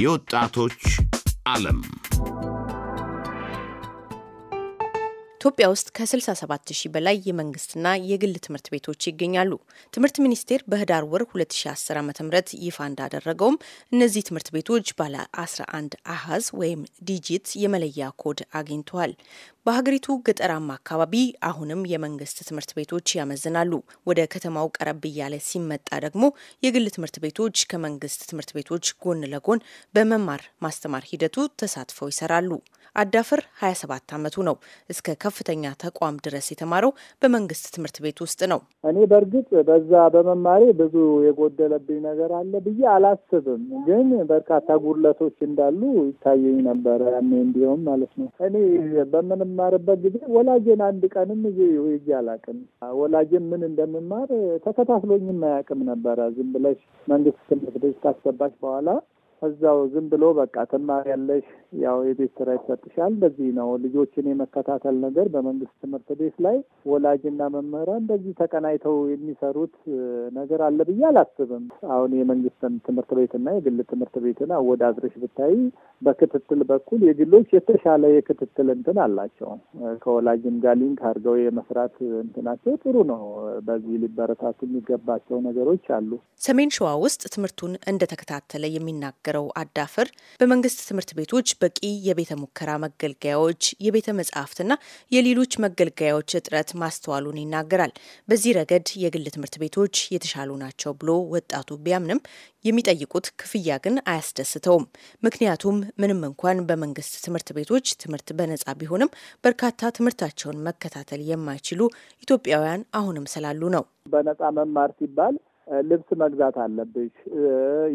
የወጣቶች ዓለም ኢትዮጵያ ውስጥ ከ67 ሺህ በላይ የመንግስትና የግል ትምህርት ቤቶች ይገኛሉ። ትምህርት ሚኒስቴር በህዳር ወር 2010 ዓ ም ይፋ እንዳደረገውም እነዚህ ትምህርት ቤቶች ባለ 11 አሃዝ ወይም ዲጂት የመለያ ኮድ አግኝተዋል። በሀገሪቱ ገጠራማ አካባቢ አሁንም የመንግስት ትምህርት ቤቶች ያመዝናሉ። ወደ ከተማው ቀረብ እያለ ሲመጣ ደግሞ የግል ትምህርት ቤቶች ከመንግስት ትምህርት ቤቶች ጎን ለጎን በመማር ማስተማር ሂደቱ ተሳትፈው ይሰራሉ። አዳፍር 27 ዓመቱ ነው። እስከ ከፍተኛ ተቋም ድረስ የተማረው በመንግስት ትምህርት ቤት ውስጥ ነው። እኔ በእርግጥ በዛ በመማሬ ብዙ የጎደለብኝ ነገር አለ ብዬ አላስብም፣ ግን በርካታ ጉድለቶች እንዳሉ ይታየኝ ነበረ። ያኔ እንዲሁም ማለት ነው እኔ በምንማርበት ጊዜ ወላጄን አንድ ቀንም ይዤ አላቅም። ወላጄን ምን እንደምማር ተከታትሎኝም አያውቅም ነበረ። ዝም ብለሽ መንግስት ትምህርት ቤት ካስገባሽ በኋላ እዛው ዝም ብሎ በቃ ትማሪያለሽ፣ ያው የቤት ስራ ይሰጥሻል። በዚህ ነው ልጆችን የመከታተል ነገር በመንግስት ትምህርት ቤት ላይ ወላጅና መምህራን እንደዚህ ተቀናይተው የሚሰሩት ነገር አለ ብዬ አላስብም። አሁን የመንግስትን ትምህርት ቤትና የግል ትምህርት ቤትን አወዳድረሽ ብታይ በክትትል በኩል የግሎች የተሻለ የክትትል እንትን አላቸው። ከወላጅም ጋር ሊንክ አድርገው የመስራት እንትናቸው ጥሩ ነው። በዚህ ሊበረታቱ የሚገባቸው ነገሮች አሉ። ሰሜን ሸዋ ውስጥ ትምህርቱን እንደተከታተለ የሚናገር የተናገረው አዳፍር በመንግስት ትምህርት ቤቶች በቂ የቤተ ሙከራ መገልገያዎች፣ የቤተ መጻሕፍትና የሌሎች መገልገያዎች እጥረት ማስተዋሉን ይናገራል። በዚህ ረገድ የግል ትምህርት ቤቶች የተሻሉ ናቸው ብሎ ወጣቱ ቢያምንም የሚጠይቁት ክፍያ ግን አያስደስተውም። ምክንያቱም ምንም እንኳን በመንግስት ትምህርት ቤቶች ትምህርት በነጻ ቢሆንም በርካታ ትምህርታቸውን መከታተል የማይችሉ ኢትዮጵያውያን አሁንም ስላሉ ነው። በነጻ መማር ሲባል ልብስ መግዛት አለብሽ፣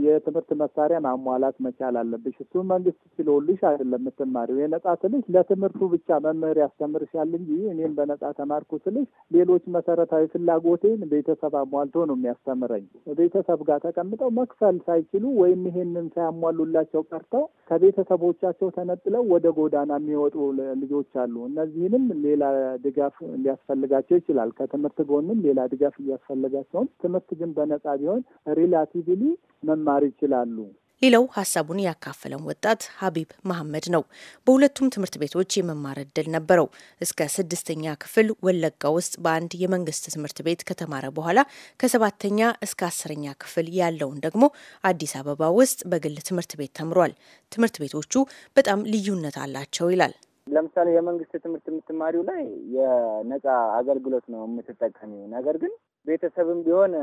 የትምህርት መሳሪያ ማሟላት መቻል አለብሽ። እሱ መንግስት ስለሆልሽ አይደለም የምትማሪው። የነጻ ስልሽ ለትምህርቱ ብቻ መምህር ያስተምርሻል እንጂ እኔም በነጻ ተማርኩ ስልሽ ሌሎች መሰረታዊ ፍላጎቴን ቤተሰብ አሟልቶ ነው የሚያስተምረኝ። ቤተሰብ ጋር ተቀምጠው መክፈል ሳይችሉ ወይም ይሄንን ሳያሟሉላቸው ቀርተው ከቤተሰቦቻቸው ተነጥለው ወደ ጎዳና የሚወጡ ልጆች አሉ። እነዚህንም ሌላ ድጋፍ ሊያስፈልጋቸው ይችላል። ከትምህርት ጎንም ሌላ ድጋፍ እያስፈልጋቸውም ትምህርት ግን በነጻ ቢሆን ሪላቲቭሊ መማር ይችላሉ። ሌላው ሀሳቡን ያካፈለን ወጣት ሀቢብ መሐመድ ነው። በሁለቱም ትምህርት ቤቶች የመማር እድል ነበረው። እስከ ስድስተኛ ክፍል ወለጋ ውስጥ በአንድ የመንግስት ትምህርት ቤት ከተማረ በኋላ ከሰባተኛ እስከ አስረኛ ክፍል ያለውን ደግሞ አዲስ አበባ ውስጥ በግል ትምህርት ቤት ተምሯል። ትምህርት ቤቶቹ በጣም ልዩነት አላቸው ይላል። ለምሳሌ የመንግስት ትምህርት የምትማሪው ላይ የነጻ አገልግሎት ነው የምትጠቀሚው ነገር ግን ቤተሰብም ቢሆን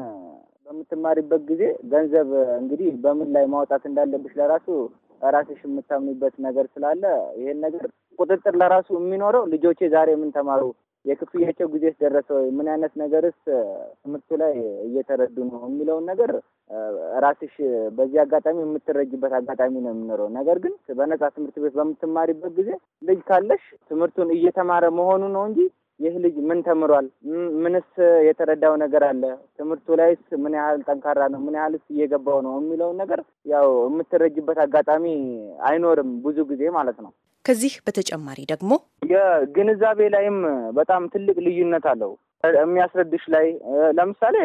በምትማሪበት ጊዜ ገንዘብ እንግዲህ በምን ላይ ማውጣት እንዳለብሽ ለራሱ ራስሽ የምታምኝበት ነገር ስላለ ይሄን ነገር ቁጥጥር ለራሱ የሚኖረው ልጆቼ ዛሬ ምን ተማሩ፣ የክፍያቸው ጊዜስ ደረሰ ወይ፣ ምን አይነት ነገርስ ትምህርቱ ላይ እየተረዱ ነው የሚለውን ነገር ራስሽ በዚህ አጋጣሚ የምትረጅበት አጋጣሚ ነው የሚኖረው። ነገር ግን በነጻ ትምህርት ቤት በምትማሪበት ጊዜ ልጅ ካለሽ ትምህርቱን እየተማረ መሆኑ ነው እንጂ ይህ ልጅ ምን ተምሯል? ምንስ የተረዳው ነገር አለ? ትምህርቱ ላይስ ምን ያህል ጠንካራ ነው? ምን ያህልስ እየገባው ነው የሚለውን ነገር ያው የምትረጅበት አጋጣሚ አይኖርም ብዙ ጊዜ ማለት ነው። ከዚህ በተጨማሪ ደግሞ የግንዛቤ ላይም በጣም ትልቅ ልዩነት አለው። የሚያስረድሽ ላይ ለምሳሌ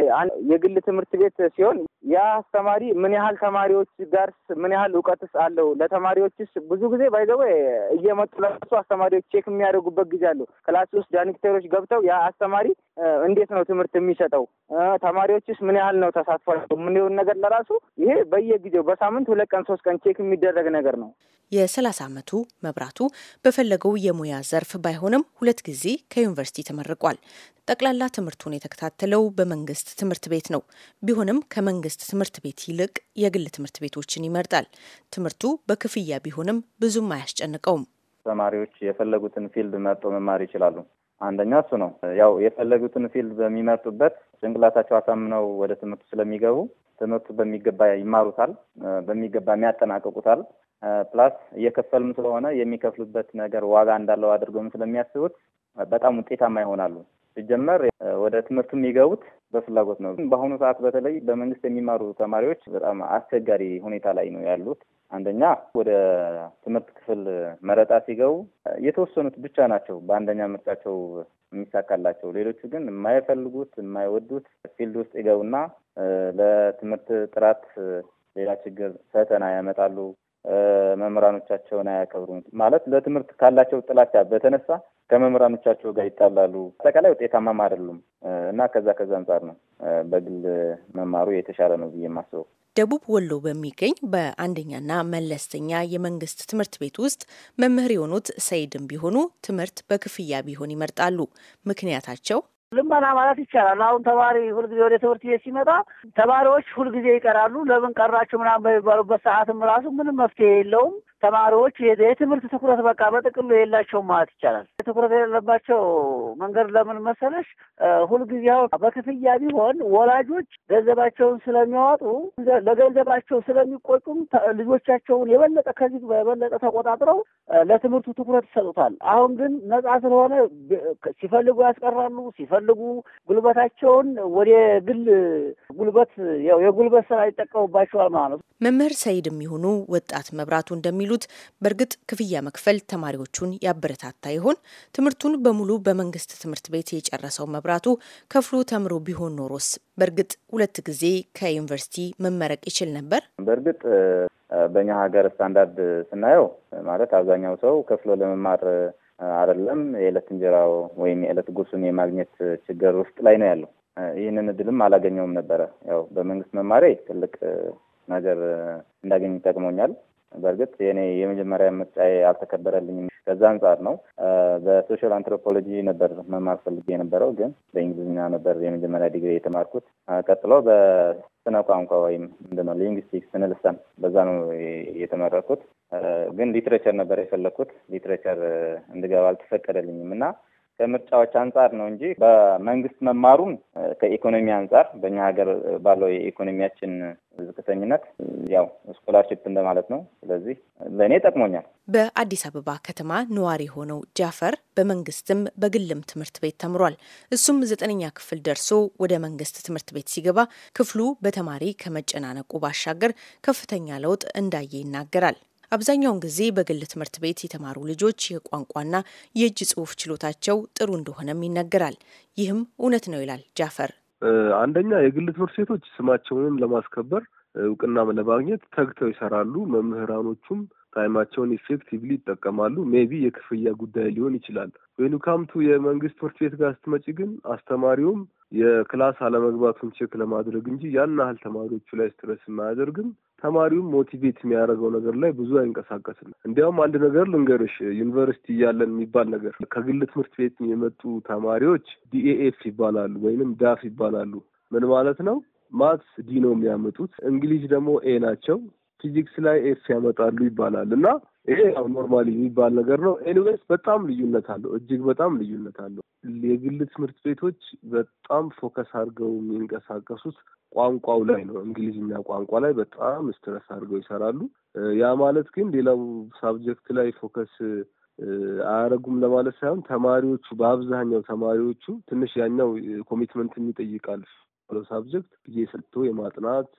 የግል ትምህርት ቤት ሲሆን ያ አስተማሪ ምን ያህል ተማሪዎች ጋርስ ምን ያህል እውቀትስ አለው ለተማሪዎችስ ብዙ ጊዜ ባይዘወ እየመጡ ለሱ አስተማሪዎች ቼክ የሚያደርጉበት ጊዜ አለው። ክላስ ውስጥ ዳይሬክተሮች ገብተው ያ አስተማሪ እንዴት ነው ትምህርት የሚሰጠው ተማሪዎችስ ምን ያህል ነው ተሳትፏቸው የምንየውን ነገር ለራሱ ይሄ በየጊዜው በሳምንት ሁለት ቀን ሶስት ቀን ቼክ የሚደረግ ነገር ነው። የሰላሳ አመቱ መብራቱ በፈለገው የሙያ ዘርፍ ባይሆንም ሁለት ጊዜ ከዩኒቨርሲቲ ተመርቋል። ጠቅላ ጠቅላላ ትምህርቱን የተከታተለው በመንግስት ትምህርት ቤት ነው። ቢሆንም ከመንግስት ትምህርት ቤት ይልቅ የግል ትምህርት ቤቶችን ይመርጣል። ትምህርቱ በክፍያ ቢሆንም ብዙም አያስጨንቀውም። ተማሪዎች የፈለጉትን ፊልድ መርጦ መማር ይችላሉ። አንደኛ እሱ ነው። ያው የፈለጉትን ፊልድ በሚመርጡበት ጭንቅላታቸው አሳምነው ወደ ትምህርቱ ስለሚገቡ ትምህርቱ በሚገባ ይማሩታል፣ በሚገባ የሚያጠናቀቁታል። ፕላስ እየከፈልም ስለሆነ የሚከፍሉበት ነገር ዋጋ እንዳለው አድርገውም ስለሚያስቡት በጣም ውጤታማ ይሆናሉ። ሲጀመር ወደ ትምህርቱ የሚገቡት በፍላጎት ነው። በአሁኑ ሰዓት በተለይ በመንግስት የሚማሩ ተማሪዎች በጣም አስቸጋሪ ሁኔታ ላይ ነው ያሉት። አንደኛ ወደ ትምህርት ክፍል መረጣ ሲገቡ የተወሰኑት ብቻ ናቸው በአንደኛ ምርጫቸው የሚሳካላቸው። ሌሎቹ ግን የማይፈልጉት የማይወዱት ፊልድ ውስጥ ይገቡና ለትምህርት ጥራት ሌላ ችግር፣ ፈተና ያመጣሉ። መምህራኖቻቸውን አያከብሩም ማለት ለትምህርት ካላቸው ጥላቻ በተነሳ ከመምህራኖቻቸው ጋር ይጣላሉ። አጠቃላይ ውጤታማም አይደሉም እና ከዛ ከዛ አንጻር ነው በግል መማሩ የተሻለ ነው ብዬ የማስበው። ደቡብ ወሎ በሚገኝ በአንደኛና መለስተኛ የመንግስት ትምህርት ቤት ውስጥ መምህር የሆኑት ሰይድም ቢሆኑ ትምህርት በክፍያ ቢሆን ይመርጣሉ። ምክንያታቸው ልመና ማለት ይቻላል። አሁን ተማሪ ሁልጊዜ ወደ ትምህርት ቤት ሲመጣ ተማሪዎች ሁልጊዜ ይቀራሉ። ለምን ቀራችሁ ምናምን በሚባሉበት ሰዓትም ራሱ ምንም መፍትሄ የለውም። ተማሪዎች የትምህርት ትኩረት በቃ በጥቅሉ የላቸውም ማለት ይቻላል። ትኩረት የሌለባቸው መንገድ ለምን መሰለሽ? ሁልጊዜ በክፍያ ቢሆን ወላጆች ገንዘባቸውን ስለሚያዋጡ ለገንዘባቸው ስለሚቆጩም ልጆቻቸውን የበለጠ ከዚህ የበለጠ ተቆጣጥረው ለትምህርቱ ትኩረት ይሰጡታል። አሁን ግን ነጻ ስለሆነ ሲፈልጉ ያስቀራሉ፣ ሲፈልጉ ጉልበታቸውን ወደ ግል ጉልበት የጉልበት ስራ ይጠቀሙባቸዋል ማለት ነው። መምህር ሰይድ የሚሆኑ ወጣት መብራቱ እንደሚሉት በእርግጥ ክፍያ መክፈል ተማሪዎቹን ያበረታታ ይሆን? ትምህርቱን በሙሉ በመንግስት ትምህርት ቤት የጨረሰው መብራቱ ከፍሎ ተምሮ ቢሆን ኖሮስ በእርግጥ ሁለት ጊዜ ከዩኒቨርሲቲ መመረቅ ይችል ነበር? በእርግጥ በእኛ ሀገር ስታንዳርድ ስናየው ማለት አብዛኛው ሰው ከፍሎ ለመማር አይደለም የዕለት እንጀራው ወይም የዕለት ጉርሱን የማግኘት ችግር ውስጥ ላይ ነው ያለው። ይህንን እድልም አላገኘውም ነበረ። ያው በመንግስት መማሬ ትልቅ ነገር እንዳገኝ ይጠቅሞኛል። በእርግጥ የኔ የመጀመሪያ ምርጫዬ አልተከበረልኝም። ከዛ አንጻር ነው በሶሻል አንትሮፖሎጂ ነበር መማር ፈልጌ የነበረው፣ ግን በእንግሊዝኛ ነበር የመጀመሪያ ዲግሪ የተማርኩት። ቀጥሎ በስነ ቋንቋ ወይም ምንድነው ሊንግስቲክስ ስነ ልሳን በዛ ነው የተመረኩት። ግን ሊትሬቸር ነበር የፈለግኩት። ሊትሬቸር እንድገባ አልተፈቀደልኝም እና ከምርጫዎች አንጻር ነው እንጂ በመንግስት መማሩም ከኢኮኖሚ አንጻር በእኛ ሀገር ባለው የኢኮኖሚያችን ዝቅተኝነት ያው ስኮላርሽፕ እንደማለት ነው። ስለዚህ ለእኔ ጠቅሞኛል። በአዲስ አበባ ከተማ ነዋሪ የሆነው ጃፈር በመንግስትም በግልም ትምህርት ቤት ተምሯል። እሱም ዘጠነኛ ክፍል ደርሶ ወደ መንግስት ትምህርት ቤት ሲገባ ክፍሉ በተማሪ ከመጨናነቁ ባሻገር ከፍተኛ ለውጥ እንዳየ ይናገራል። አብዛኛውን ጊዜ በግል ትምህርት ቤት የተማሩ ልጆች የቋንቋና የእጅ ጽሑፍ ችሎታቸው ጥሩ እንደሆነም ይነገራል። ይህም እውነት ነው ይላል ጃፈር። አንደኛ የግል ትምህርት ቤቶች ስማቸውንም ለማስከበር እውቅና ለማግኘት ተግተው ይሰራሉ። መምህራኖቹም ታይማቸውን ኢፌክቲቭሊ ይጠቀማሉ። ሜቢ የክፍያ ጉዳይ ሊሆን ይችላል። ዌልካምቱ የመንግስት ትምህርት ቤት ጋር ስትመጪ ግን አስተማሪውም የክላስ አለመግባቱን ቼክ ለማድረግ እንጂ ያን ያህል ተማሪዎቹ ላይ ስትረስ የማያደርግም ተማሪውን ሞቲቬት የሚያደርገው ነገር ላይ ብዙ አይንቀሳቀስም። እንዲያውም አንድ ነገር ልንገርሽ፣ ዩኒቨርሲቲ እያለን የሚባል ነገር ከግል ትምህርት ቤት የመጡ ተማሪዎች ዲኤኤፍ ይባላሉ ወይንም ዳፍ ይባላሉ። ምን ማለት ነው? ማትስ ዲ ነው የሚያመጡት፣ እንግሊዝ ደግሞ ኤ ናቸው፣ ፊዚክስ ላይ ኤፍ ያመጣሉ ይባላል እና ይሄ ያው ኖርማሊ የሚባል ነገር ነው። ኤኒዌይስ በጣም ልዩነት አለው፣ እጅግ በጣም ልዩነት አለው። የግል ትምህርት ቤቶች በጣም ፎከስ አድርገው የሚንቀሳቀሱት ቋንቋው ላይ ነው። እንግሊዝኛ ቋንቋ ላይ በጣም ስትረስ አድርገው ይሰራሉ። ያ ማለት ግን ሌላው ሳብጀክት ላይ ፎከስ አያደረጉም ለማለት ሳይሆን ተማሪዎቹ በአብዛኛው ተማሪዎቹ ትንሽ ያኛው ኮሚትመንት ይጠይቃል ባለው ሳብጀክት ጊዜ ሰጥቶ የማጥናት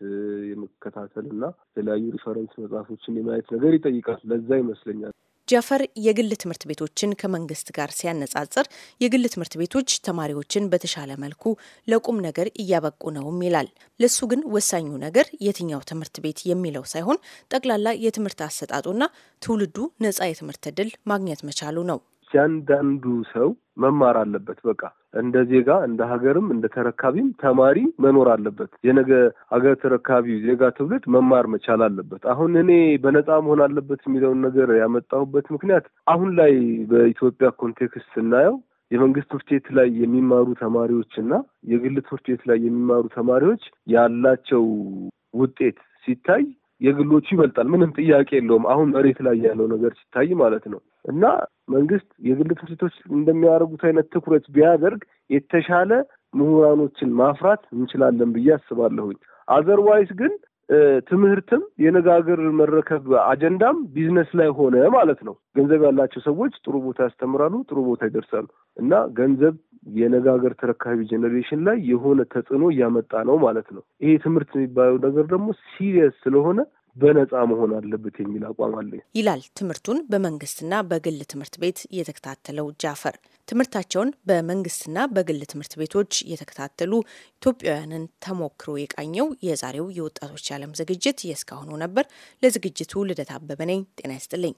የመከታተል እና የተለያዩ ሪፈረንስ መጽሐፎችን የማየት ነገር ይጠይቃል። ለዛ ይመስለኛል ጃፈር የግል ትምህርት ቤቶችን ከመንግስት ጋር ሲያነጻጽር የግል ትምህርት ቤቶች ተማሪዎችን በተሻለ መልኩ ለቁም ነገር እያበቁ ነውም ይላል። ለሱ ግን ወሳኙ ነገር የትኛው ትምህርት ቤት የሚለው ሳይሆን ጠቅላላ የትምህርት አሰጣጡና ትውልዱ ነጻ የትምህርት ድል ማግኘት መቻሉ ነው። እያንዳንዱ ሰው መማር አለበት። በቃ እንደ ዜጋ እንደ ሀገርም እንደ ተረካቢም ተማሪ መኖር አለበት። የነገ ሀገር ተረካቢ ዜጋ ትውልድ መማር መቻል አለበት። አሁን እኔ በነፃ መሆን አለበት የሚለውን ነገር ያመጣሁበት ምክንያት አሁን ላይ በኢትዮጵያ ኮንቴክስት ስናየው የመንግስት ትምህርት ቤት ላይ የሚማሩ ተማሪዎች እና የግል ትምህርት ቤት ላይ የሚማሩ ተማሪዎች ያላቸው ውጤት ሲታይ የግሎቹ ይበልጣል። ምንም ጥያቄ የለውም። አሁን መሬት ላይ ያለው ነገር ሲታይ ማለት ነው። እና መንግስት የግል ትምህርት ቤቶች እንደሚያደርጉት አይነት ትኩረት ቢያደርግ የተሻለ ምሁራኖችን ማፍራት እንችላለን ብዬ አስባለሁኝ። አዘርዋይስ ግን ትምህርትም የነጋገር መረከብ አጀንዳም ቢዝነስ ላይ ሆነ ማለት ነው። ገንዘብ ያላቸው ሰዎች ጥሩ ቦታ ያስተምራሉ፣ ጥሩ ቦታ ይደርሳሉ እና ገንዘብ የነገ ሀገር ተረካቢ ጀኔሬሽን ላይ የሆነ ተጽዕኖ እያመጣ ነው ማለት ነው። ይሄ ትምህርት የሚባለው ነገር ደግሞ ሲሪየስ ስለሆነ በነፃ መሆን አለበት የሚል አቋም አለኝ ይላል ትምህርቱን በመንግስትና በግል ትምህርት ቤት የተከታተለው ጃፈር። ትምህርታቸውን በመንግስትና በግል ትምህርት ቤቶች የተከታተሉ ኢትዮጵያውያንን ተሞክሮ የቃኘው የዛሬው የወጣቶች ዓለም ዝግጅት የእስካሁኑ ነበር። ለዝግጅቱ ልደት አበበ ነኝ። ጤና ይስጥልኝ።